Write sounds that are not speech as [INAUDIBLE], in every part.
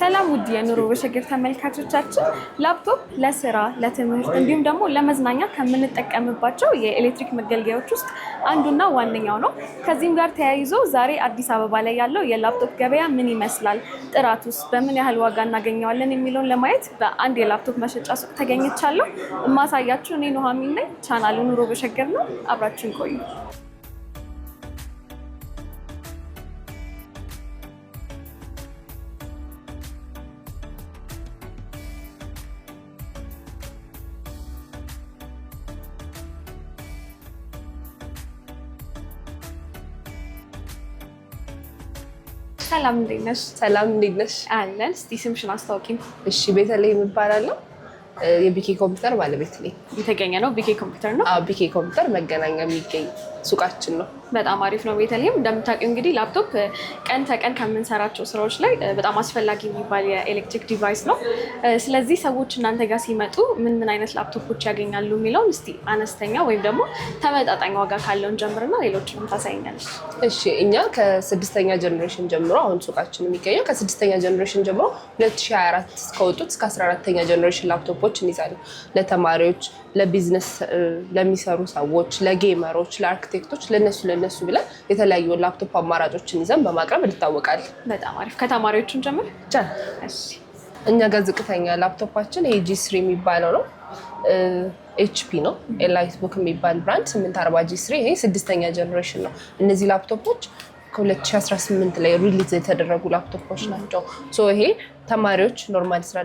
ሰላም ውድ የኑሮ በሸገር ተመልካቾቻችን፣ ላፕቶፕ ለስራ ለትምህርት እንዲሁም ደግሞ ለመዝናኛ ከምንጠቀምባቸው የኤሌክትሪክ መገልገያዎች ውስጥ አንዱና ዋነኛው ነው። ከዚህም ጋር ተያይዞ ዛሬ አዲስ አበባ ላይ ያለው የላፕቶፕ ገበያ ምን ይመስላል፣ ጥራት ውስጥ በምን ያህል ዋጋ እናገኘዋለን የሚለውን ለማየት በአንድ የላፕቶፕ መሸጫ ሱቅ ተገኝቻለሁ። እማሳያችሁ እኔ ኑሃሚን ነኝ። ቻናሉ ኑሮ በሸገር ነው። አብራችን ቆዩ። ሰላም እንዴት ነሽ? ሰላም እንዴት ነሽ? አለን። እስቲ ስምሽን አስታውቂኝ። እሺ፣ ቤተልሔም እባላለሁ። የቢኬ ኮምፒውተር ባለቤት ነኝ። የተገኘ ነው ቢኬ ኮምፒውተር ነው? አዎ፣ ቢኬ ኮምፒውተር መገናኛ የሚገኝ ሱቃችን ነው። በጣም አሪፍ ነው። ቤተልሔም እንደምታውቂው እንግዲህ ላፕቶፕ ቀን ተቀን ከምንሰራቸው ስራዎች ላይ በጣም አስፈላጊ የሚባል የኤሌክትሪክ ዲቫይስ ነው። ስለዚህ ሰዎች እናንተ ጋር ሲመጡ ምን ምን አይነት ላፕቶፖች ያገኛሉ የሚለውን እስቲ አነስተኛ ወይም ደግሞ ተመጣጣኝ ዋጋ ካለውን ጀምርና ሌሎችንም ታሳይኛለች። እሺ እኛ ከስድስተኛ ጀኔሬሽን ጀምሮ አሁን ሱቃችን የሚገኘው ከስድስተኛ ጀኔሬሽን ጀምሮ 2024 እስከወጡት እስከ 14ተኛ ጀኔሬሽን ላፕቶፖች እንይዛለን ለተማሪዎች ለቢዝነስ ለሚሰሩ ሰዎች፣ ለጌመሮች፣ ለአርክቴክቶች ለነሱ ለነሱ ብለን የተለያዩ ላፕቶፕ አማራጮችን ይዘን በማቅረብ እንታወቃለን። በጣም አሪፍ። ከተማሪዎቹን ጀምር። እኛ ጋር ዝቅተኛ ላፕቶፓችን ጂ ስሪ የሚባለው ነው። ኤችፒ ነው። ኤላይት ቡክ የሚባል ብራንድ 840 ጂ ስሪ ይሄ ስድስተኛ ጀኔሬሽን ነው። እነዚህ ላፕቶፖች ከ2018 ላይ ሪሊዝ የተደረጉ ላፕቶፖች ናቸው። ይሄ ተማሪዎች ኖርማል ስራ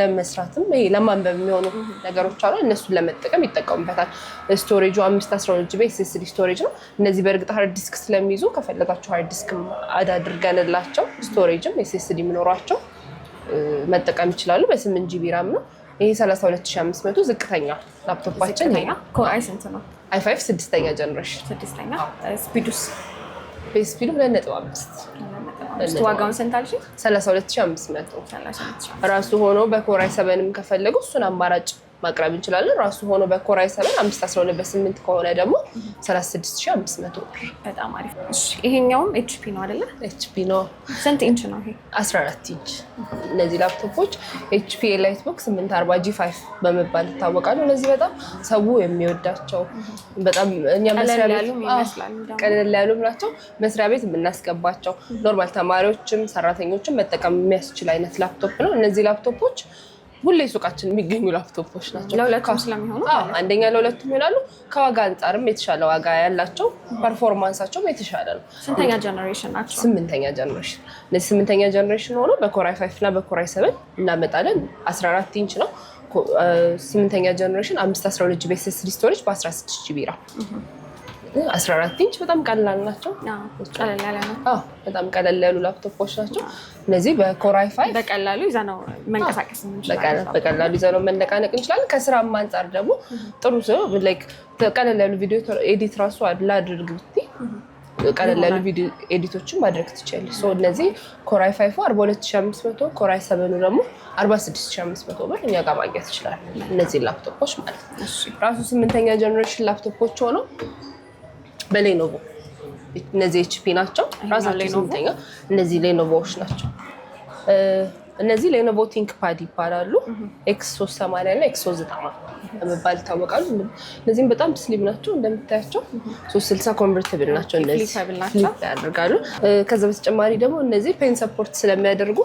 ለመስራትም ይሄ ለማንበብ የሚሆኑ ነገሮች አሉ። እነሱን ለመጠቀም ይጠቀሙበታል። ስቶሬጁ አምስት አስራ ሁለት ጂቢ ኤስኤስዲ ስቶሬጅ ነው። እነዚህ በእርግጥ ሀርድ ዲስክ ስለሚይዙ ከፈለጋቸው ሀርድ ዲስክ አድ አድርገንላቸው ስቶሬጅም ኤስኤስዲ የሚኖሯቸው መጠቀም ይችላሉ። በስምንት ጂቢ ራም ነው ይሄ 32500 ዝቅተኛ ላፕቶፓችን አይ ስንት ነው? አይ ፋይቭ ስድስተኛ ጀነሬሽን ስድስተኛ ስፒዱስ ስፒዱ ሁለት ነጥብ አምስት እስኪ ዋጋውን ስንት አልሽኝ? መቶ ራሱ ሆኖ በኮራይ ሰበንም ከፈለጉ እሱን አማራጭ ማቅረብ እንችላለን። ራሱ ሆኖ በኮራይ ሰበን አምስት አስራ ሁለት በስምንት ከሆነ ደግሞ ሰላሳ ስድስት ሺህ አምስት መቶ ብር። በጣም አሪፍ። ይሄኛውም ኤችፒ ነው አይደለ? ኤችፒ ነው። ስንት ኢንች ነው ይሄ? አስራ አራት ኢንች። እነዚህ ላፕቶፖች ኤችፒ ኤላይት ቦክ ስምንት አርባ ጂ ፋይቭ በመባል ይታወቃሉ። እነዚህ በጣም ሰው የሚወዳቸው በጣም እኛ ቀለል ያሉም ናቸው። መስሪያ ቤት የምናስገባቸው ኖርማል ተማሪዎችም ሰራተኞችም መጠቀም የሚያስችል አይነት ላፕቶፕ ነው። እነዚህ ላፕቶፖች ሁሌ ሱቃችን የሚገኙ ላፕቶፖች ናቸው። ለሁለቱም ስለሚሆኑ አንደኛ ለሁለቱም ይሆናሉ። ከዋጋ አንጻርም የተሻለ ዋጋ ያላቸው፣ ፐርፎርማንሳቸውም የተሻለ ነው። ስንተኛ ጀኔሬሽን ናቸው? ስምንተኛ ጀኔሬሽን። እነዚህ ስምንተኛ ሆኖ በኮራይ ፋይፍ እና በኮራይ ሰብን እናመጣለን። 14 ኢንች ነው። ስምንተኛ ጀኔሬሽን 12 ጂቢ ኤስ ስቶሬጅ በ16 ጂቢ ራም 14 ኢንች በጣም ቀላል ናቸው። ቀለል ያለ በጣም ቀለል ያሉ ላፕቶፖች ናቸው እነዚህ። በኮራይፋይ በቀላሉ ይዘ ነው መንቀሳቀስ እንችላለን። በቀላሉ ይዘ ነው መነቃነቅ እንችላለን። ከስራ አንጻር ደግሞ ጥሩ ሰው ቀለል ያሉ ቪዲዮ ኤዲት ራሱ ላድርግ ብቲ ቀለል ያሉ ቪዲዮ ኤዲቶችን ማድረግ ትችላለች። እነዚህ ኮራይ ፋይፎ 42500፣ ኮራይ ሰበኑ ደግሞ 46500 ብር እኛ ጋር ማግኘት ይችላል። እነዚህ ላፕቶፖች ማለት ነው ራሱ ስምንተኛ ጀኔሬሽን ላፕቶፖች ሆነው በሌኖቮ እነዚህ ኤችፒ ናቸው። ራሳቸው ስምንተኛ እነዚህ ሌኖቮዎች ናቸው። እነዚህ ሌኖቮ ፓድ ይባላሉ። ኤክስ ሶስት ሰማንያ እና ኤክስ ሶስት ዘጠና በመባል ይታወቃሉ። እነዚህም በጣም ስሊም ናቸው እንደምታያቸው፣ ሶስት ስልሳ ኮንቨርትብል ናቸው። ያደርጋሉ። ከዚ በተጨማሪ ደግሞ እነዚህ ፔን ሰፖርት ስለሚያደርጉ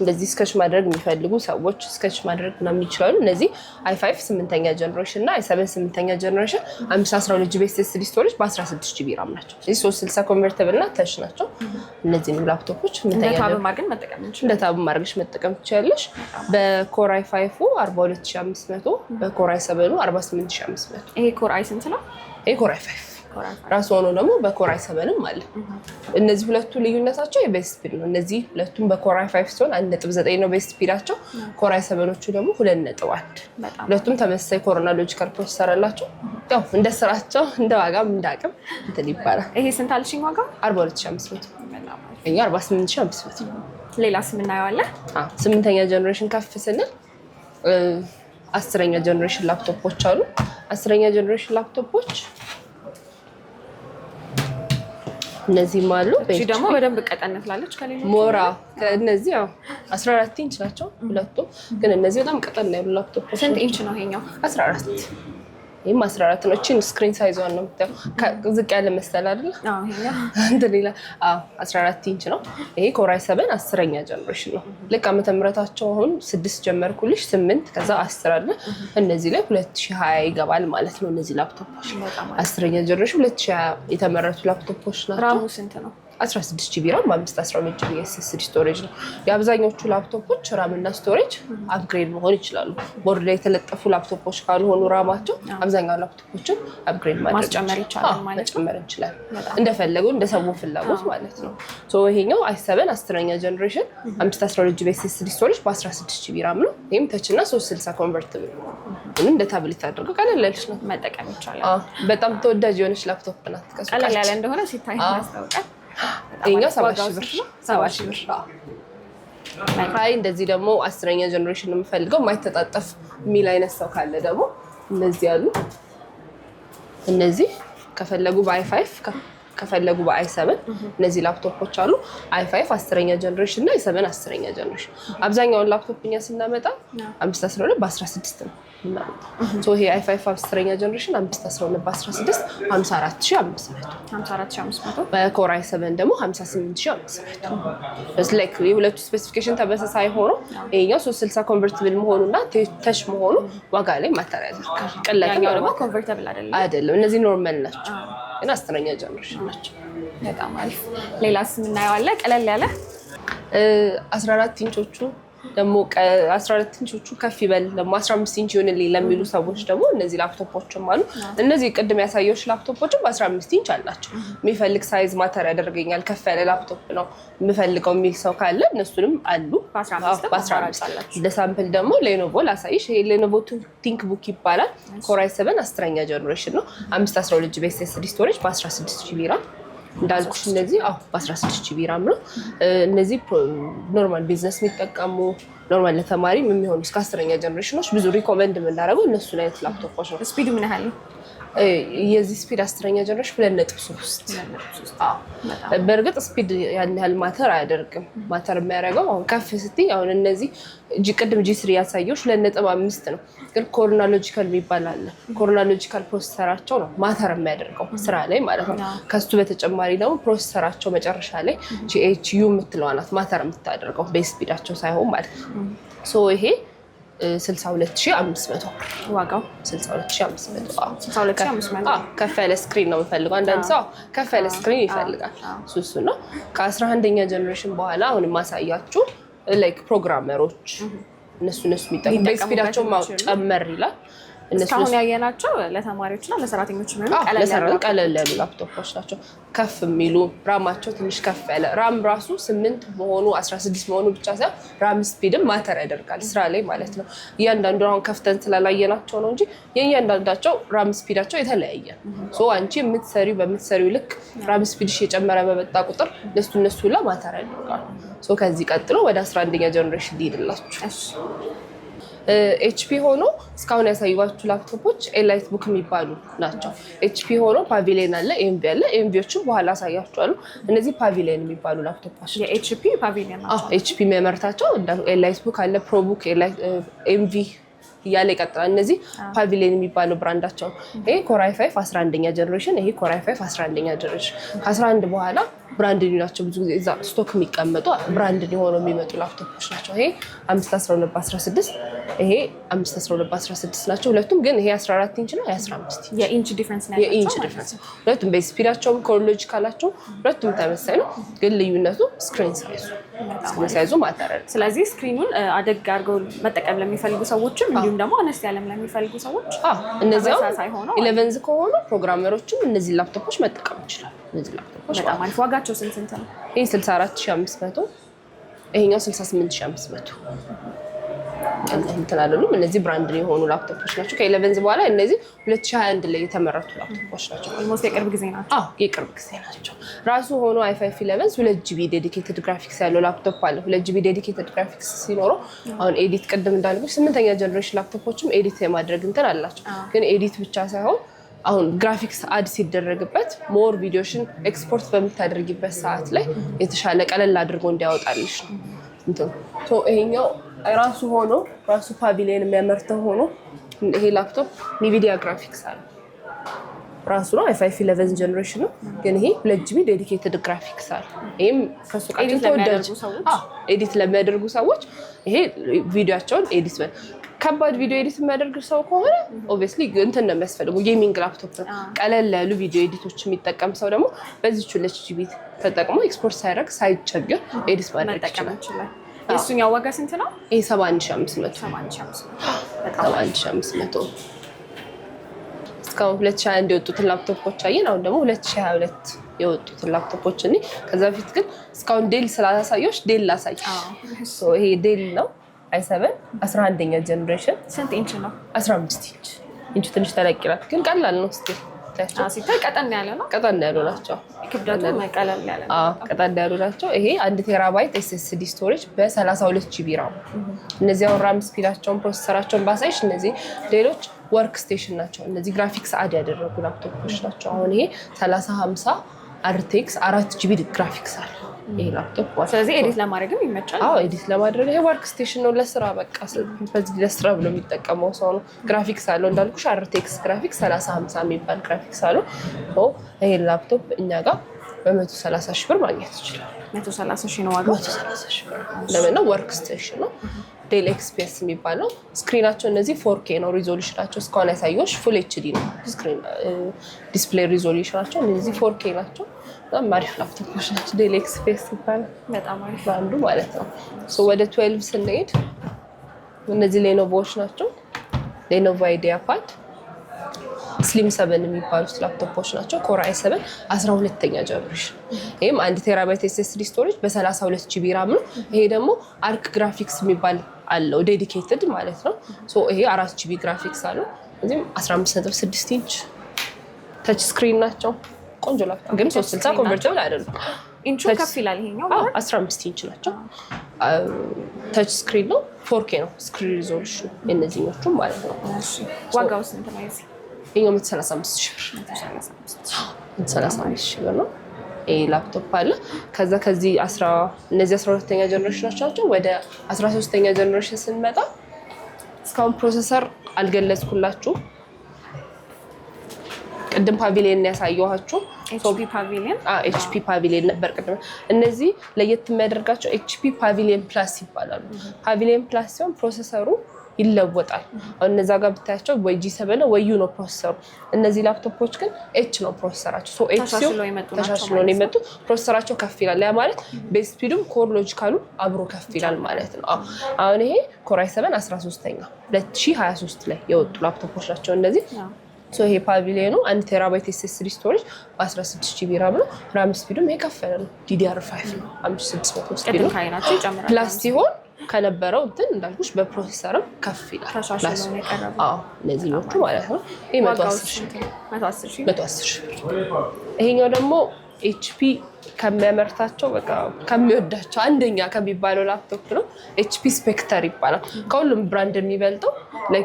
እንደዚህ ስከች ማድረግ የሚፈልጉ ሰዎች ስከች ማድረግ ምናምን ይችላሉ። እነዚህ አይ ፋይቭ ስምንተኛ ጀኔሬሽን እና አይ ሰቨን ስምንተኛ ጀኔሬሽን አምስት አስራ ሁለት ጂቢ ኤስኤስዲ ስቶሬጅ በአስራ ስድስት ጂቢ ራም ናቸው። እዚህ ሶስት ስልሳ ኮንቨርትብል እና ተች ናቸው። እነዚህንም ላፕቶፖች እንደ ታብ ማድረግሽ መጠቀም መጠቀም ትችላለሽ። በኮራይ ፋይፉ 42500 በኮራይ ሰበኑ 48500። ይሄ ኮራይ ስንት ነው? ይሄ ኮራይ ፋይፍ ራሱ ሆኖ ደግሞ በኮራይ ሰበንም አለ። እነዚህ ሁለቱ ልዩነታቸው የቤስፒድ ስፒድ ነው። እነዚህ ሁለቱም በኮራይ ፋይቭ ሲሆን አንድ ነጥብ ዘጠኝ ነው ቤስፒዳቸው ስፒዳቸው። ኮራይ ሰበኖቹ ደግሞ ሁለት ነጥብ አንድ። ሁለቱም ተመሳሳይ ኮሮና ሎጂካል ፕሮሰሰር አላቸው። ያው እንደ ስራቸው እንደ ዋጋም እንደ አቅም እንትን ይባላል። ይሄ ስንት አልሽኝ ዋጋ? አርባ ሁለት ሺ አምስት መቶ እኛ አርባ ስምንት ሺ አምስት መቶ ሌላ የምናየው ስምንተኛ ጀኔሬሽን ከፍ ስንል አስረኛ ጀኔሬሽን ላፕቶፖች አሉ። አስረኛ ጀኔሬሽን ላፕቶፖች እነዚህም አሉ። ደግሞ በደንብ ቀጠነት ላለች ከሌሎቹ ሞራ እነዚህ ያው 14 ኢንች ናቸው ሁለቱም፣ ግን እነዚህ በጣም ቀጠን ያሉ ላፕቶፕ። ስንት ኢንች ነው ይሄኛው? 14 ይህም አስራ አራት ነው። እችን ስክሪን ሳይዟን ነው የምታየው። ዝቅ ያለ መሰል አይደለ? እንደሌላ ይላል። አስራ አራት ኢንች ነው ይሄ። ኮራይ ሰበን አስረኛ ጀነሬሽን ነው። ልክ አመተ ምህረታቸው አሁን ስድስት ጀመርኩልሽ፣ ስምንት ከዛ አስር አለ። እነዚህ ላይ ሁለት ሺህ ሀያ ይገባል ማለት ነው። እነዚህ ላፕቶፖች አስረኛ ጀነሬሽን ሁለት ሺህ ሀያ የተመረቱ ላፕቶፖች ናቸው። ራሙ ስንት ነው? 16 ጂቢ ራም አምስት 12 ጂቢ ኤስኤስዲ ስቶሬጅ ነው። የአብዛኞቹ ላፕቶፖች ራም እና ስቶሬጅ አፕግሬድ መሆን ይችላሉ። ቦርድ ላይ የተለጠፉ ላፕቶፖች ካልሆኑ ራማቸው አብዛኛው ላፕቶፖችን አፕግሬድ ማስጨመር ይቻላል መጨመር እንችላለን፣ እንደፈለጉ እንደሰው ፍላጎት ማለት ነው። ይሄኛው አይሰበን አስረኛ ጀኔሬሽን አምስት 12 ጂቢ ኤስኤስዲ ስቶሬጅ በ16 ጂቢ ራም ነው። ይህም ተችና 360 ኮንቨርትብል ምንም እንደ ታብሌት አድርገው ቀለል ያለች ነው መጠቀም ይቻላል። በጣም ተወዳጅ የሆነች ላፕቶፕ ናት። ቀለል ያለ እንደሆነ ሲታይ ማስታወቃል ይኸኛው ሰባ ሺህ ብር እንደዚህ ደግሞ አስረኛ ጀኔሬሽን የምፈልገው ማይተጣጠፍ የሚል አይነት ሰው ካለ ደግሞ እነዚህ ያሉ እነዚህ ከፈለጉ በአይ ፋይፍ ከፈለጉ በአይ ሰብን እነዚህ ላፕቶፖች አሉ። አይ ፋይፍ አስረኛ ጀኔሬሽን እና አይ አስረኛ ጀኔሬሽን። አብዛኛውን ላፕቶፕ እኛ ስናመጣ አምስት አስራ ሁለት በአስራ ስድስት ነው ይሄ አይ ፋይቭ አስረኛ ጀኔሬሽን አምስት አስራ ሁለት በአስራ ስድስት ሀምሳ አራት ሺ አምስት መቶ ሀምሳ አራት ሺ አምስት መቶ በኮር አይ ሰቨን ደግሞ ሀምሳ ስምንት ሺ አምስት መቶ ላይክ የሁለቱ ስፔሲፊኬሽን ተመሳሳይ ሆኖ ይኸኛው ሶስት ስልሳ ኮንቨርትብል መሆኑ እና ተሽ መሆኑ ዋጋ ላይ ማተር ያደርጋል። ቅላቂ ደግሞ ኮንቨርተብል አይደለም። እነዚህ ኖርማል ናቸው ግን አስረኛ ጀኔሬሽን ናቸው። በጣም አሪፍ። ሌላስ የምናየው አለ ቀለል ያለ አስራ አራት ኢንቾቹ ደግሞ አስራ አራት ኢንቾቹ ከፍ ይበል ደግሞ 15 አምስት ኢንች ይሆንልኝ ለሚሉ ሰዎች ደግሞ እነዚህ ላፕቶፖችም አሉ። እነዚህ ቅድም ያሳየዎች ላፕቶፖችም በአስራ አምስት ኢንች አላቸው። የሚፈልግ ሳይዝ ማተር ያደርገኛል። ከፍ ያለ ላፕቶፕ ነው የምፈልገው የሚል ሰው ካለ እነሱንም አሉ በአስራ አምስት ለሳምፕል ደግሞ ሌኖቮ ላሳይሽ። ይሄ ሌኖቮ ቲንክ ቡክ ይባላል። ኮራይ ሰቨን አስረኛ ጀኔሬሽን ነው። አምስት ጂቢ ኤስ ኤስ ዲ ስቶሬጅ በ16 ጂቢ ራም እንዳልኩሽ እነዚህ አሁ በ16 ጂቢ ራም ነው። እነዚህ ኖርማል ቢዝነስ የሚጠቀሙ ኖርማል ለተማሪም የሚሆኑ እስከ አስረኛ ጀኔሬሽኖች ብዙ ሪኮመንድ የምናደርገው እነሱ አይነት ላፕቶፖች ነው። ስፒዱ ምን ያህል ነው? የዚህ ስፒድ አስረኛ ጀነሬሽን ሁለት ነጥብ ሶስት በእርግጥ ስፒድ ያን ያህል ማተር አያደርግም። ማተር የሚያደርገው አሁን ከፍ ስትይ አሁን እነዚህ ቅድም ጂ ስሪ ያሳየሁሽ ሁለት ነጥብ አምስት ነው፣ ግን ኮሮናሎጂካል የሚባል አለ። ኮሮናሎጂካል ፕሮሰሰራቸው ነው ማተር የሚያደርገው ስራ ላይ ማለት ነው። ከሱ በተጨማሪ ደግሞ ፕሮሰሰራቸው መጨረሻ ላይ ጂኤችዩ የምትለዋናት ማተር የምታደርገው በስፒዳቸው ሳይሆን ማለት ነው ይሄ 62500 ዋጋው ከፍ ያለ ስክሪን ነው የምፈልገው። አንዳንድ ሰው ከፍ ያለ ስክሪን ይፈልጋል። ሱሱ ነው ከ 11 ጀኔሬሽን በኋላ አሁን የማሳያችሁ ላይክ ፕሮግራመሮች እነሱ እነሱ የሚጠቀሙ ስፒዳቸውን ጨመር ይላል እስካሁን ያየናቸው ለተማሪዎችና ለሰራተኞች ቀለል ያሉ ላፕቶፖች ናቸው። ከፍ የሚሉ ራማቸው ትንሽ ከፍ ያለ ራም ራሱ ስምንት መሆኑ አስራ ስድስት መሆኑ ብቻ ሳይሆን ራም ስፒድም ማተር ያደርጋል ስራ ላይ ማለት ነው። እያንዳንዱ አሁን ከፍተን ስላላየናቸው ነው እንጂ የእያንዳንዳቸው ራም ስፒዳቸው የተለያየ ነው። አንቺ የምትሰሪው በምትሰሪው ልክ ራም ስፒድሽ የጨመረ በመጣ ቁጥር ለሱ እነሱ ላ ማተር ያደርጋል። ከዚህ ቀጥሎ ወደ አስራ አንደኛ ጀኔሬሽን ሊሄድላችሁ ኤችፒ ሆኖ እስካሁን ያሳዩዋችሁ ላፕቶፖች ኤላይት ቡክ የሚባሉ ናቸው። ኤችፒ ሆኖ ፓቪሌን አለ፣ ኤምቪ አለ። ኤምቪዎችን በኋላ ያሳያችኋሉ። እነዚህ ፓቪሌን የሚባሉ ላፕቶፖች ኤችፒ የሚያመርታቸው ኤላይት ቡክ አለ፣ ፕሮቡክ ኤምቪ እያለ ይቀጥላል። እነዚህ ፓቪሊየን የሚባለው ብራንዳቸው ይሄ ኮራይ ፋይፍ 11ኛ ጀኔሬሽን፣ ይሄ ኮራይ ፋይፍ 11ኛ ጀኔሬሽን ከ11 በኋላ ብራንድ ኒው ናቸው። ብዙ ጊዜ እዛ ስቶክ የሚቀመጡ ብራንድ ኒው የሚመጡ ላፕቶፖች ናቸው። ይሄ 512 በ16 ይሄ 512 16 ናቸው። ሁለቱም ግን ይሄ 14 ኢንች ነው፣ 15 የኢንች ዲፈረንስ ነው። የኢንች ዲፈረንስ ሁለቱም በስፒዳቸውም ኮሎጂካላቸው ሁለቱም ተመሳይ ነው። ግን ልዩነቱ ስክሪን ሳይዙ ሳይዙ ማተር። ስለዚህ ስክሪኑን አደግ አድርገው መጠቀም ለሚፈልጉ ሰዎችም እንዲሁም ደግሞ አነስ ያለም ለሚፈልጉ ሰዎች እነዚያው ኢለቨንዝ ከሆኑ ፕሮግራመሮችም እነዚህ ላፕቶፖች መጠቀም ይችላሉ። እነዚህ ላፕቶፖች በጣም አሪፍ። ዋጋቸው ስንት ስንት ነው? ይህ 64500 ይሄኛው 68500 እንትላለሉም እነዚህ ብራንድ የሆኑ ላፕቶፖች ናቸው። ከኢለቨንዝ በኋላ እነዚህ 2021 ላይ የተመረቱ ላፕቶፖች ናቸው። የቅርብ ጊዜ ናቸው። የቅርብ ጊዜ ናቸው። ራሱ ሆኖ አይፋይ ኢለቨንዝ ሁለት ጂቢ ዴዲኬትድ ግራፊክስ ያለው ላፕቶፕ አለ። ሁለት ጂቢ ዴዲኬትድ ግራፊክስ ሲኖረው አሁን ኤዲት ቅድም እንዳልኩሽ ስምንተኛ ጀኔሬሽን ላፕቶፖችም ኤዲት የማድረግ እንትን አላቸው። ግን ኤዲት ብቻ ሳይሆን አሁን ግራፊክስ አድ ሲደረግበት ሞር ቪዲዮሽን ኤክስፖርት በምታደርጊበት ሰዓት ላይ የተሻለ ቀለል አድርጎ እንዲያወጣልሽ ነው ይሄኛው ራሱ ሆኖ ራሱ ፓቪሊየን የሚያመርተው ሆኖ ይሄ ላፕቶፕ ኒቪዲያ ግራፊክስ አለ ራሱ ነው። ፋይፍ ኢለቨን ጀኔሬሽን ነው፣ ግን ይሄ ሁለት ጂቢ ዴዲኬትድ ግራፊክስ አለ። ይህም ከሱ ኤዲት ለሚያደርጉ ኤዲት ለሚያደርጉ ሰዎች ይሄ ቪዲዮቸውን ኤዲት ከባድ ቪዲዮ ኤዲት የሚያደርግ ሰው ከሆነ ኦብቪየስሊ እንትን ነው የሚያስፈልገው፣ ጌሚንግ ላፕቶፕ ነው። ቀለል ያሉ ቪዲዮ ኤዲቶች የሚጠቀም ሰው ደግሞ በዚች ሁለት ጂቢ ተጠቅሞ ኤክስፖርት ሳያደርግ ሳይቸገር ኤዲት ማድረግ ይችላል። የእሱኛው ዋጋ ስንት ነው? ይሄ 71500 እስካሁን 2021 የወጡትን ላፕቶፖች አየን። አሁን ደግሞ 2022 የወጡትን ላፕቶፖች እኔ ከዛ በፊት ግን እስካሁን ዴል ስላሳየሁሽ ዴል ላሳየሽ። ይሄ ዴል ነው አይሰበን 11ኛ ጀኔሬሽን። ስንት ኢንች ነው? 15 ኢንች። ኢንቹ ትንሽ ተለቅ ይላል፣ ግን ቀላል ነው። እስኪ ሲታይ ቀጠን ያለ ነው። ቀጠን ያሉ ናቸው። ቀጠደሉ ናቸው። ይሄ አንድ ቴራባይት ኤስኤስዲ ስቶሬጅ በ32 ጂቢ ራም። እነዚህ አሁን ራም ስፒዳቸውን ፕሮሰሰራቸውን ባሳይሽ፣ እነዚህ ሌሎች ወርክ ስቴሽን ናቸው። እነዚህ ግራፊክስ አድ ያደረጉ ላፕቶፖች ናቸው። አሁን ይሄ 3050 አርቴክስ አራት ጂቢ ግራፊክስ አለ ይሄ ላፕቶፕ ዋ ስለዚህ ኤዲት ለማድረግም ይመቻል። አዎ ኤዲት ለማድረግ ይሄ ወርክ ስቴሽን ነው ለስራ በቃ በዚህ ለስራ ብሎ የሚጠቀመው ሰው ነው። ግራፊክስ አለው እንዳልኩሽ አርቴክስ ግራፊክስ ሰላሳ ሀምሳ የሚባል ግራፊክስ አለው። ይሄ ላፕቶፕ እኛ ጋር በመቶ ሰላሳ ሺህ ብር ማግኘት ይችላል። መቶ ሰላሳ ሺህ ነው ዋጋ። መቶ ሰላሳ ሺህ ለምን ነው ወርክ ስቴሽን ነው ዴል ኤክስፔስ የሚባለው ስክሪናቸው እነዚህ ፎርኬ ነው ሪዞሉሽናቸው። እስካሁን ያሳየሁሽ ፉል ኤችዲ ነው ዲስፕሌይ ሪዞሉሽናቸው፣ እነዚህ ፎርኬ ናቸው። በጣም አሪፍ ላፕቶፖች ናቸው። ዴል ኤክስፔስ ይባላል በጣም አሪፍ አንዱ ማለት ነው። ወደ ትዌልቭ ስንሄድ እነዚህ ሌኖቮዎች ናቸው። ሌኖቮ አይዲያ ፓድ ስሊም ሰበን የሚባሉት ላፕቶፖች ናቸው። ኮር አይ ሰበን 12ኛ ጀነሬሽን ይህም አንድ ቴራባይት ኤስኤስዲ ስቶሬጅ በ32 ጂቢ ራም ነው። ይሄ ደግሞ አርክ ግራፊክስ የሚባል አለው ዴዲኬትድ ማለት ነው። ይሄ አራት ጂቢ ግራፊክስ አለው። እዚህም 15.6 ኢንች ተች ስክሪን ናቸው። ቆንጆ ላፕቶፕ ግን 360 ኮንቨርተብል አይደሉም። ኢንቹ ከፍ ይላል። ይሄኛው 15 ኢንች ናቸው። ተች ስክሪን ነው። ፎርኬ ነው ስክሪን ሪዞሉሽን የእነዚህኞቹም ማለት ነው። ዋጋው ስንት ነው? ይሄኛው 35 ሺህ ብር 35 ሺህ ብር ነው። ይህ ላፕቶፕ አለ። ከዛ ከዚህ እነዚህ 12ኛ ጀነሬሽን ናቸው። ወደ 13 ተኛ ጀኔሬሽን ስንመጣ እስካሁን ፕሮሰሰር አልገለጽኩላችሁ። ቅድም ፓቪሊየን ያሳየኋችሁ ኤችፒ ፓቪሊየን ነበር ቅድም። እነዚህ ለየት የሚያደርጋቸው ኤችፒ ፓቪሊየን ፕላስ ይባላሉ። ፓቪሊየን ፕላስ ሲሆን ፕሮሰሰሩ ይለወጣል። አሁን እነዛ ጋር ብታያቸው ወይ ጂ ሰበን ወይ ዩ ነው ፕሮሰሰሩ። እነዚህ ላፕቶፖች ግን ኤች ነው ፕሮሰሰራቸው። ሶ ኤች ሲሆን ተሻሽሎ ነው የመጡ ፕሮሰሰራቸው ከፍ ይላል። ያ ማለት ቤዝ ስፒዱም ኮር ሎጂካሉ አብሮ ከፍ ይላል ማለት ነው። አሁን ይሄ ኮራይ ሰበን 13ኛ 2023 ላይ የወጡ ላፕቶፖች ናቸው እነዚህ ሶ ይሄ ፓቪሊዮኑ አንድ ቴራባይት ኤስኤስዲ ስቶሬጅ በ16 ጂቢ ራም ነው። ራም ስፒዱም ይሄ ከፈለ ነው። ዲዲአር ፋይቭ ነው። አምስት ስድስት መቶ ስፒድ ነው ፕላስ ሲሆን ከነበረው እንትን እንዳልኩሽ በፕሮሰሰርም ከፍ ይላል። እነዚህ ማለት ነው። ይህ መቶ አስር ሺህ ብር። ይሄኛው ደግሞ ኤችፒ ከሚያመርታቸው በቃ ከሚወዳቸው አንደኛ ከሚባለው ላፕቶፕ ነው። ኤችፒ ስፔክተር ይባላል። ከሁሉም ብራንድ የሚበልጠው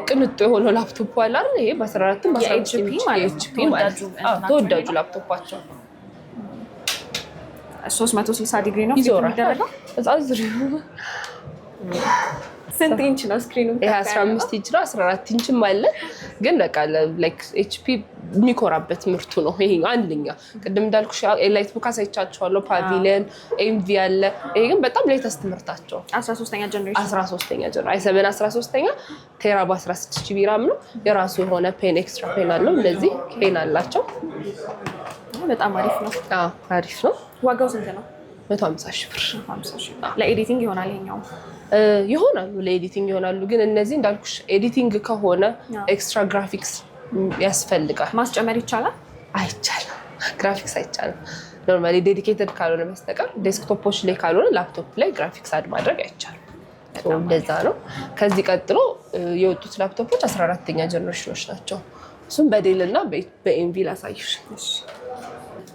ቅንጡ የሆነው ላፕቶፕ አለ አይደል? ይሄ በ14 ተወዳጁ ላፕቶፓቸው 360 ዲግሪ ነው ይዞራል። ስንት ኢንች ነው ስክሪኑ? አስራ አምስት ኢንች ነው። 14 አራት ኢንችም አለ። ግን በቃ ላይክ ኤችፒ የሚኮራበት ምርቱ ነው ይሄ አንደኛ። ቅድም እንዳልኩሽ ኤላይት ቡክ አሳይቻቸዋለሁ። ፓቪሊየን ኤምቪ አለ። ይሄ ግን በጣም ሌተስት ምርታቸው አስራ ሦስተኛ ጀነሬሽን አስራ ሦስተኛ ጀነሬሽን አይ ሰቨን አስራ ቴራ በአስራ ስድስት ጂቢ ራም ነው። የራሱ የሆነ ፔን ኤክስትራ ፔን አለው። እንደዚህ ፔን አላቸው። በጣም አሪፍ ነው። አዎ አሪፍ ነው። ዋጋው ስንት ነው? መቶ ሺህ ብር ለኤዲቲንግ ይሆናል ይሄኛው ይሆናሉ ለኤዲቲንግ ይሆናሉ። ግን እነዚህ እንዳልኩሽ ኤዲቲንግ ከሆነ ኤክስትራ ግራፊክስ ያስፈልጋል። ማስጨመር ይቻላል አይቻልም፣ [LAUGHS] ግራፊክስ አይቻልም። ኖርማሊ ዴዲኬትድ ካልሆነ በስተቀር ዴስክቶፖች ላይ ካልሆነ ላፕቶፕ ላይ ግራፊክስ አድ ማድረግ አይቻልም። እንደዛ ነው። ከዚህ ቀጥሎ የወጡት ላፕቶፖች አስራ ተኛ ጀነሬሽኖች ናቸው። እሱም በዴል እና በኤንቪ ላሳይሽ።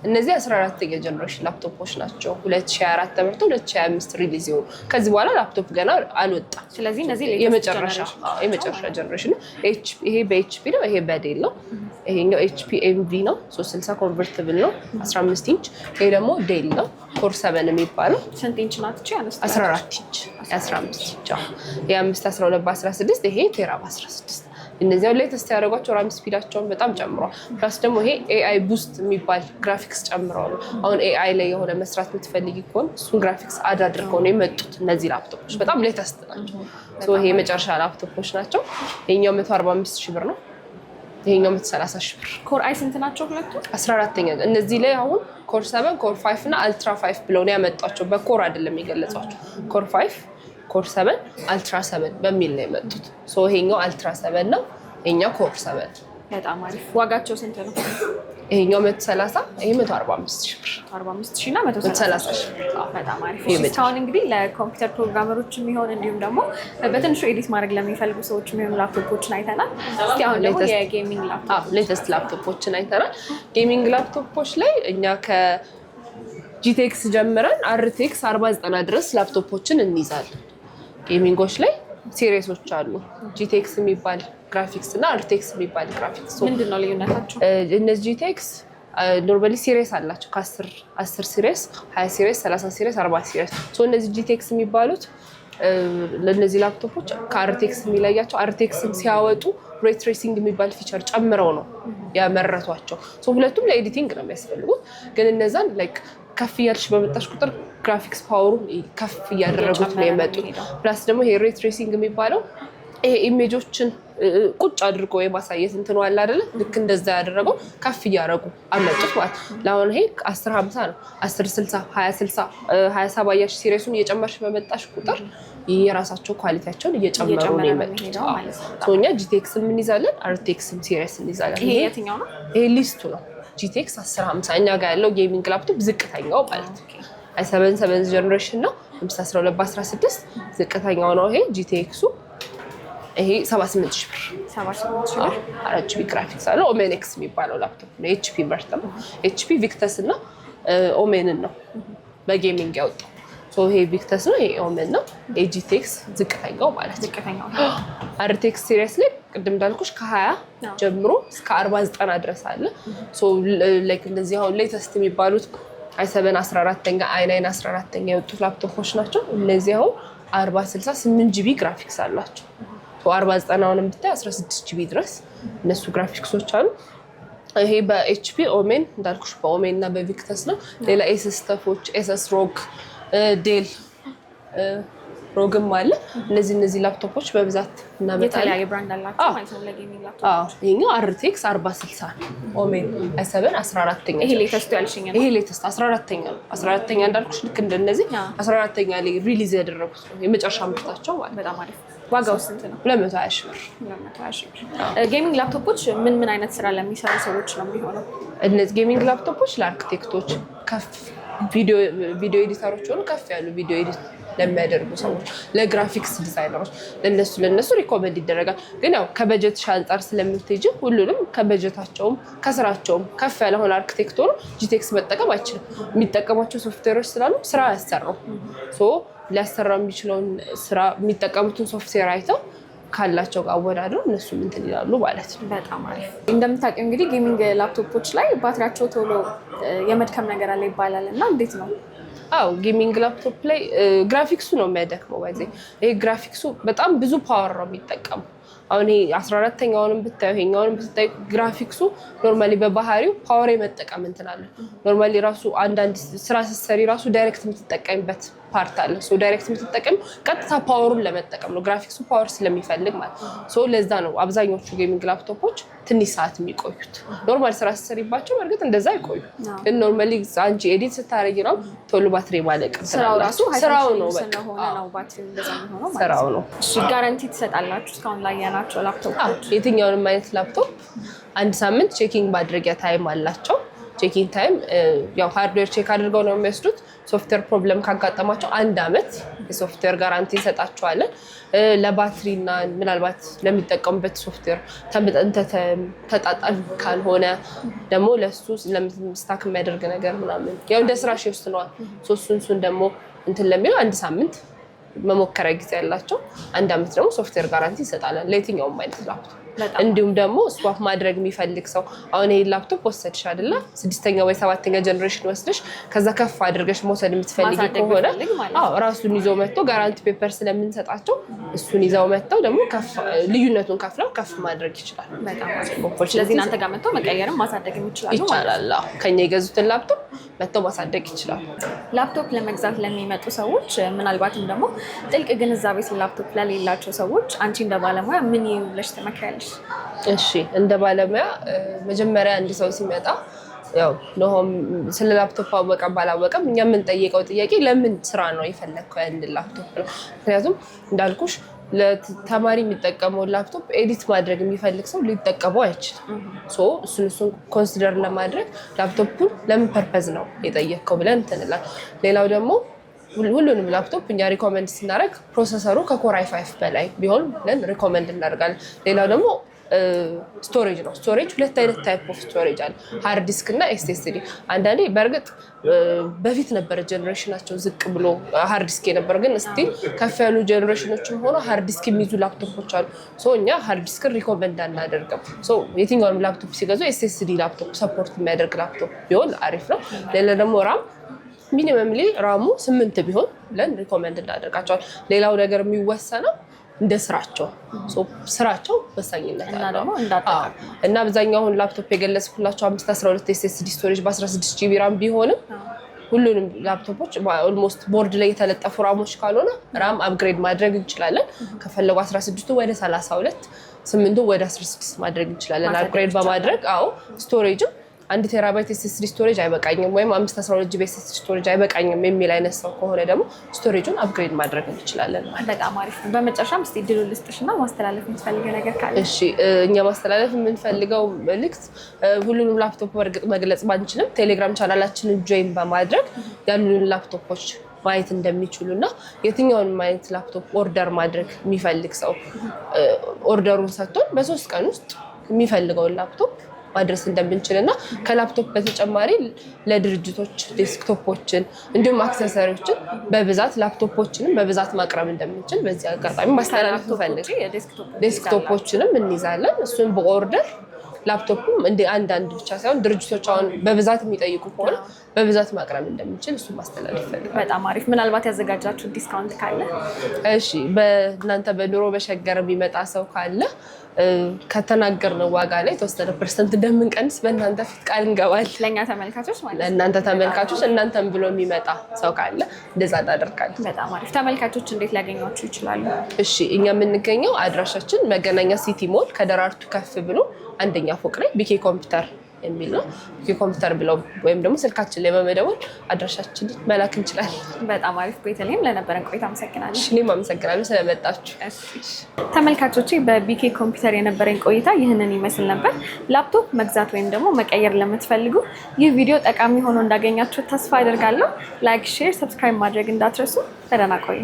እነዚህ 14ተኛ ጀነሬሽን ላፕቶፖች ናቸው። 2024 ተመርቶ 2025 ሪሊዝ ይሆኑ። ከዚህ በኋላ ላፕቶፕ ገና አልወጣም። ስለዚህ እነዚህ የመጨረሻ ጀነሬሽን ነው። ይሄ በኤችፒ ነው፣ ይሄ በዴል ነው። ይሄኛው ኤችፒ ኤምቪ ነው፣ 360 ኮንቨርትብል ነው፣ 15 ኢንች። ይሄ ደግሞ ዴል ነው፣ ኮር ሰበን የሚባለው። ስንት ኢንች ናት? 14 ኢንች፣ 15 ኢንች፣ 512 በ16 ይሄ ቴራ በ16 እነዚያ አሁን ሌተስት ያደረጓቸው ራም ስፒዳቸውን በጣም ጨምሯል። ፕላስ ደግሞ ይሄ ኤአይ ቡስት የሚባል ግራፊክስ ጨምረው ነው። አሁን ኤአይ ላይ የሆነ መስራት የምትፈልጊ ከሆን እሱን ግራፊክስ አድ አድርገው ነው የመጡት። እነዚህ ላፕቶፖች በጣም ሌተስት ናቸው። ይሄ የመጨረሻ ላፕቶፖች ናቸው። ይሄኛው 145 ሺህ ብር ነው። ይሄኛው 130 ሺህ ብር። ኮር አይ ስንት ናቸው ሁለቱ? 14ኛ እነዚህ ላይ አሁን ኮር 7 ኮር 5 እና አልትራ 5 ብለው ነው ያመጧቸው። በኮር አይደለም የገለጿቸው ኮር 5 ኮር ሰበን አልትራ ሰበን በሚል ነው የመጡት። ይሄኛው አልትራ ሰበን ነው፣ ይሄኛው ኮር ሰበን። በጣም አሪፍ። ዋጋቸው ስንት ነው? ይሄኛው መቶ ይሄ መቶ ሺህ ብር። ሺህ እና ሺህ ብር። በጣም አሪፍ። እስካሁን እንግዲህ ለኮምፒውተር ፕሮግራመሮች የሚሆን እንዲሁም ደግሞ በትንሹ ኤዲት ማድረግ ለሚፈልጉ ሰዎች የሚሆኑ ላፕቶፖችን አይተናል። እስኪ አሁን ደግሞ የጌሚንግ ላፕቶፕ ሌተስት ላፕቶፖችን አይተናል። ጌሚንግ ላፕቶፖች ላይ እኛ ከጂቴክስ ጀምረን አርቴክስ አርባ ዘጠና ድረስ ላፕቶፖችን እንይዛለን። ጌሚንጎች ላይ ሲሪየሶች አሉ። ጂቴክስ የሚባል ግራፊክስ እና አርቴክስ የሚባል ግራፊክስ። ምንድን ነው ልዩነታቸው? እነዚህ ጂቴክስ ኖርማሊ ሲሪስ አላቸው ከአስር ሲሪስ፣ ሀያ ሲሪስ፣ ሰላሳ ሲሪስ፣ አርባ ሲሪስ። እነዚህ ጂቴክስ የሚባሉት ለእነዚህ ላፕቶፖች ከአርቴክስ የሚለያቸው አርቴክስን ሲያወጡ ሬትሬሲንግ የሚባል ፊቸር ጨምረው ነው ያመረቷቸው። ሁለቱም ለኤዲቲንግ ነው የሚያስፈልጉት ግን እነዛን ላይክ ከፍ እያልሽ በመጣሽ ቁጥር ግራፊክስ ፓወሩ ከፍ እያደረጉት ነው የመጡት። ፕላስ ደግሞ ይሄ ሬት ትሬሲንግ የሚባለው ይሄ ኢሜጆችን ቁጭ አድርጎ የማሳየት እንትኑ አለ አይደለ? ልክ እንደዛ ያደረገው ከፍ እያደረጉ አመጡት ማለት ለአሁን ይሄ አስር ሀምሳ ነው አስር ስልሳ ሀያ ስልሳ ሀያ ሰባ እያልሽ ሲሪሱን እየጨመርሽ በመጣሽ ቁጥር የራሳቸው ኳሊቲያቸውን እየጨመሩ ነው የመጡት። እኛ ጂቴክስ እንይዛለን፣ አርቴክስም ሲሪስ እንይዛለን። ይሄ ሊስቱ ነው ጂቴክስ 1050 እኛ ጋር ያለው ጌሚንግ ላፕቶፕ ዝቅተኛው ማለት ነው። ሰቨን ሰቨን ጀኔሬሽን ነው። አምስት 12 በ16 ዝቅተኛው ነው ይሄ ጂቴክሱ። ይሄ 78 ብር 78 ሺህ ብር አራት ጂቢ ግራፊክስ አለው። ኦሜን ኤክስ የሚባለው ላፕቶፕ ነው። ኤችፒ ምርት ነው። ኤችፒ ቪክተስ እና ኦሜንን ነው በጌሚንግ ያወጣው። ይሄ ቪክተስ ነው፣ ይሄ ኦሜን ነው። ኤጂቴክስ ዝቅተኛው ማለት ነው። [GASPS] አርቴክስ ሲሪየስ ላይ ቅድም እንዳልኩሽ ከ20 ጀምሮ እስከ 49 ድረስ አለ። ላይክ እንደዚህ አሁን ሌተስት የሚባሉት አይሰበን 14ተኛ አይናይን 14ተኛ የወጡት ላፕቶፖች ናቸው። እነዚህ አሁን 40 ጂቢ ግራፊክስ አሏቸው። 49ውን ብታይ 16 ጂቢ ድረስ እነሱ ግራፊክሶች አሉ። ይሄ በኤችፒ ኦሜን እንዳልኩሽ በኦሜን እና በቪክተስ ነው። ሌላ ኤስስ ኤስስ ሮግ ዴል ሮግም አለ። እነዚህ እነዚህ ላፕቶፖች በብዛት እናመጣለን። ይኸኛው አርቴክስ አርባ ስልሳ ኦሜን አይሰብን አስራ አራተኛ ይሄ ሌተስት አስራ አራተኛ ነው። አስራ አራተኛ እንዳልኩሽ ልክ እንደነዚህ አስራ አራተኛ ላይ ሪሊዝ ያደረጉት ነው የመጨረሻ ምርታቸው ማለት ዋጋው ስንት ነው? ሁለት መቶ ሀያ ሺህ ብር። ጌሚንግ ላፕቶፖች ምን ምን አይነት ስራ ለሚሰሩ ሰዎች ነው የሚሆነው? እነዚህ ጌሚንግ ላፕቶፖች ለአርክቴክቶች ከፍ ቪዲዮ ኤዲተሮች ሆኑ ከፍ ያሉ ቪዲዮ ኤዲት ለሚያደርጉ ሰዎች፣ ለግራፊክስ ዲዛይነሮች ለነሱ ለነሱ ሪኮመንድ ይደረጋል። ግን ያው ከበጀት አንጻር ስለምትጅ ሁሉንም ከበጀታቸውም ከስራቸውም ከፍ ያለ ሆነ አርክቴክት ሆኖ ጂቴክስ መጠቀም አይችልም። የሚጠቀሟቸው ሶፍትዌሮች ስላሉ ስራ አያሰራው ሊያሰራ የሚችለውን ስራ የሚጠቀሙትን ሶፍትዌር አይተው ካላቸው ጋር አወዳድረው እነሱ እንትን ይላሉ ማለት ነው። በጣም አሪፍ። እንደምታውቂው እንግዲህ ጌሚንግ ላፕቶፖች ላይ ባትሪያቸው ቶሎ የመድከም ነገር አለ ይባላል እና እንዴት ነው? አው ጌሚንግ ላፕቶፕ ላይ ግራፊክሱ ነው የሚያደክመው። ባይዜ ይሄ ግራፊክሱ በጣም ብዙ ፓወር ነው የሚጠቀሙ። አሁን ይሄ አስራ አራተኛውንም ብታዩ ይሄኛውንም ብታዩ ግራፊክሱ ኖርማሊ በባህሪው ፓወር የመጠቀም እንትናለን። ኖርማሊ ራሱ አንዳንድ ስራ ስትሰሪ ራሱ ዳይሬክት የምትጠቀሚበት ፓርት አለ። ሶ ዳይሬክት የምትጠቀም ቀጥታ ፓወሩን ለመጠቀም ነው። ግራፊክሱ ፓወር ስለሚፈልግ ማለት ሶ ለዛ ነው አብዛኞቹ ጌሚንግ ላፕቶፖች ትንሽ ሰዓት የሚቆዩት። ኖርማል ስራ ስትሰሪባቸው በእርግጥ እንደዛ አይቆዩ፣ ግን ኖርማሊ አንቺ ኤዲት ስታደረጊ ነው ቶሎ ባትሪ ማለቅ ስራው ነው ስራው ነው። ጋረንቲ ትሰጣላችሁ? እስካሁን ላይ ያናቸው ላፕቶፖች የትኛውንም አይነት ላፕቶፕ አንድ ሳምንት ቼኪንግ ማድረጊያ ታይም አላቸው። ቼኪንግ ታይም ያው ሃርድዌር ቼክ አድርገው ነው የሚወስዱት ሶፍትዌር ፕሮብለም ካጋጠማቸው አንድ አመት የሶፍትዌር ጋራንቲ እንሰጣቸዋለን። ለባትሪና ምናልባት ለሚጠቀሙበት ሶፍትዌር ተጣጣሚ ካልሆነ ደግሞ ለሱ ለምስታክ የሚያደርግ ነገር ምናምን ያው እንደ ስራ ሺ ነዋል። ሱን ደግሞ እንትን ለሚለው አንድ ሳምንት መሞከሪያ ጊዜ ያላቸው፣ አንድ አመት ደግሞ ሶፍትዌር ጋራንቲ ይሰጣለን ለየትኛውም አይነት ላፕቶፕ እንዲሁም ደግሞ ስዋፕ ማድረግ የሚፈልግ ሰው አሁን ይሄ ላፕቶፕ ወሰድሽ አይደለ፣ ስድስተኛ ወይ ሰባተኛ ጀኔሬሽን ወስደሽ ከዛ ከፍ አድርገሽ መውሰድ የምትፈልግ ከሆነ ራሱን ይዘው መጥተው ጋራንቲ ፔፐር ስለምንሰጣቸው እሱን ይዘው መጥተው ደግሞ ልዩነቱን ከፍለው ከፍ ማድረግ ይችላል። ስለዚህ እናንተ ጋር መጥተው መቀየርም ማሳደግ የሚችላሉ ይቻላል። ከኛ የገዙትን ላፕቶፕ መጥተው ማሳደግ ይችላሉ። ላፕቶፕ ለመግዛት ለሚመጡ ሰዎች ምናልባትም ደግሞ ጥልቅ ግንዛቤ ስለ ላፕቶፕ ለሌላቸው ሰዎች አንቺ እንደ ባለሙያ ምን ይብለሽ ትመክሪያለሽ? እሺ እንደ ባለሙያ መጀመሪያ አንድ ሰው ሲመጣ ያው ነሆም ስለ ላፕቶፕ አወቀም ባላወቀም እኛ የምንጠይቀው ጥያቄ ለምን ስራ ነው የፈለግከው ያንን ላፕቶፕ ነው። ምክንያቱም እንዳልኩሽ ለተማሪ የሚጠቀመውን ላፕቶፕ ኤዲት ማድረግ የሚፈልግ ሰው ሊጠቀመው አይችልም። እሱን እሱን ኮንሲደር ለማድረግ ላፕቶፑን ለምን ፐርፐዝ ነው የጠየቅከው ብለን እንትንላል። ሌላው ደግሞ ሁሉንም ላፕቶፕ እኛ ሪኮመንድ ስናደርግ ፕሮሰሰሩ ከኮር አይ ፋይቭ በላይ ቢሆን ብለን ሪኮመንድ እናደርጋለን። ሌላው ደግሞ ስቶሬጅ ነው። ስቶሬጅ ሁለት አይነት ታይፕ ኦፍ ስቶሬጅ አለ፣ ሃርድ ዲስክ እና ኤስኤስዲ። አንዳንዴ በእርግጥ በፊት ነበረ ጀኔሬሽናቸው ዝቅ ብሎ ሃርድ ዲስክ የነበረ ግን እስቲ ከፍ ያሉ ጀኔሬሽኖችም ሆኖ ሃርድ ዲስክ የሚይዙ ላፕቶፖች አሉ። ሶ እኛ ሃርድ ዲስክን ሪኮመንድ አናደርግም። ሶ የትኛውንም ላፕቶፕ ሲገዙ ኤስኤስዲ ላፕቶፕ ሰፖርት የሚያደርግ ላፕቶፕ ቢሆን አሪፍ ነው። ሌላ ደግሞ ራም ሚኒመም ላይ ራሙ ስምንት ቢሆን ብለን ሪኮመንድ እናደርጋቸዋል። ሌላው ነገር የሚወሰነው እንደ ስራቸው ስራቸው ወሳኝነት እና አብዛኛው አሁን ላፕቶፕ የገለጽኩላቸው አምስት አስራ ሁለት ኤስኤስዲ ስቶሬጅ በ16 ጂቢ ራም ቢሆንም ሁሉንም ላፕቶፖች ኦልሞስት ቦርድ ላይ የተለጠፉ ራሞች ካልሆነ ራም አፕግሬድ ማድረግ እንችላለን። ከፈለጉ 16ቱ ወደ 32 ስምንቱ ወደ 16 ማድረግ እንችላለን። አፕግሬድ በማድረግ አዎ ስቶሬጅም አንድ ቴራባይት ኤስኤስዲ ስቶሬጅ አይበቃኝም ወይም አምስት አስራ ሁለት ጂቢ ኤስኤስዲ ስቶሬጅ አይበቃኝም የሚል አይነት ሰው ከሆነ ደግሞ ስቶሬጁን አፕግሬድ ማድረግ እንችላለን። በጣም አሪፍ ነው። በመጨረሻም ስ ድሉ ልስጥሽ ልስጥሽና ማስተላለፍ የምትፈልገው ነገር ካለ። እሺ እኛ ማስተላለፍ የምንፈልገው መልዕክት ሁሉንም ላፕቶፕ በእርግጥ መግለጽ ባንችልም ቴሌግራም ቻናላችንን ጆይን በማድረግ ያሉን ላፕቶፖች ማየት እንደሚችሉ እና የትኛውን ማየት ላፕቶፕ ኦርደር ማድረግ የሚፈልግ ሰው ኦርደሩን ሰጥቶን በሶስት ቀን ውስጥ የሚፈልገውን ላፕቶፕ ማድረስ እንደምንችል እና ከላፕቶፕ በተጨማሪ ለድርጅቶች ዴስክቶፖችን እንዲሁም አክሰሰሪዎችን በብዛት ላፕቶፖችንም በብዛት ማቅረብ እንደምንችል በዚህ አጋጣሚ ማስተላለፍ ፈልግ። ዴስክቶፖችንም እንይዛለን። እሱን በኦርደር ላፕቶፕም እንደ አንዳንድ ብቻ ሳይሆን ድርጅቶች አሁን በብዛት የሚጠይቁ ከሆነ በብዛት ማቅረብ እንደምችል እሱ ማስተላለፍ ፈልጋለሁ። በጣም አሪፍ። ምናልባት ያዘጋጃችሁ ዲስካውንት ካለ? እሺ፣ በእናንተ በዶሮ በሸገር የሚመጣ ሰው ካለ ከተናገርነው ዋጋ ላይ የተወሰነ ፐርሰንት እንደምንቀንስ በእናንተ ፊት ቃል እንገባለን። ለእኛ ተመልካቾች ማለት ለእናንተ ተመልካቾች እናንተም ብሎ የሚመጣ ሰው ካለ እንደዛ እናደርጋለን። በጣም አሪፍ። ተመልካቾች እንዴት ሊያገኟችሁ ይችላሉ? እሺ፣ እኛ የምንገኘው አድራሻችን መገናኛ ሲቲ ሞል ከደራርቱ ከፍ ብሎ አንደኛ ፎቅ ላይ ቢኬ ኮምፒውተር የሚል ነው። ኮምፒውተር ብለው ወይም ደግሞ ስልካችን ላይ በመደወል አድራሻችን መላክ እንችላል። በጣም አሪፍ ቤተልሔም፣ ለነበረን ቆይታ አመሰግናለሁ። እኔም አመሰግናለሁ ስለመጣችሁ። ተመልካቾቼ በቢኬ ኮምፒውተር የነበረኝ ቆይታ ይህንን ይመስል ነበር። ላፕቶፕ መግዛት ወይም ደግሞ መቀየር ለምትፈልጉ ይህ ቪዲዮ ጠቃሚ ሆኖ እንዳገኛችሁ ተስፋ አድርጋለሁ። ላይክ፣ ሼር፣ ሰብስክራይብ ማድረግ እንዳትረሱ። በደህና ቆዩ።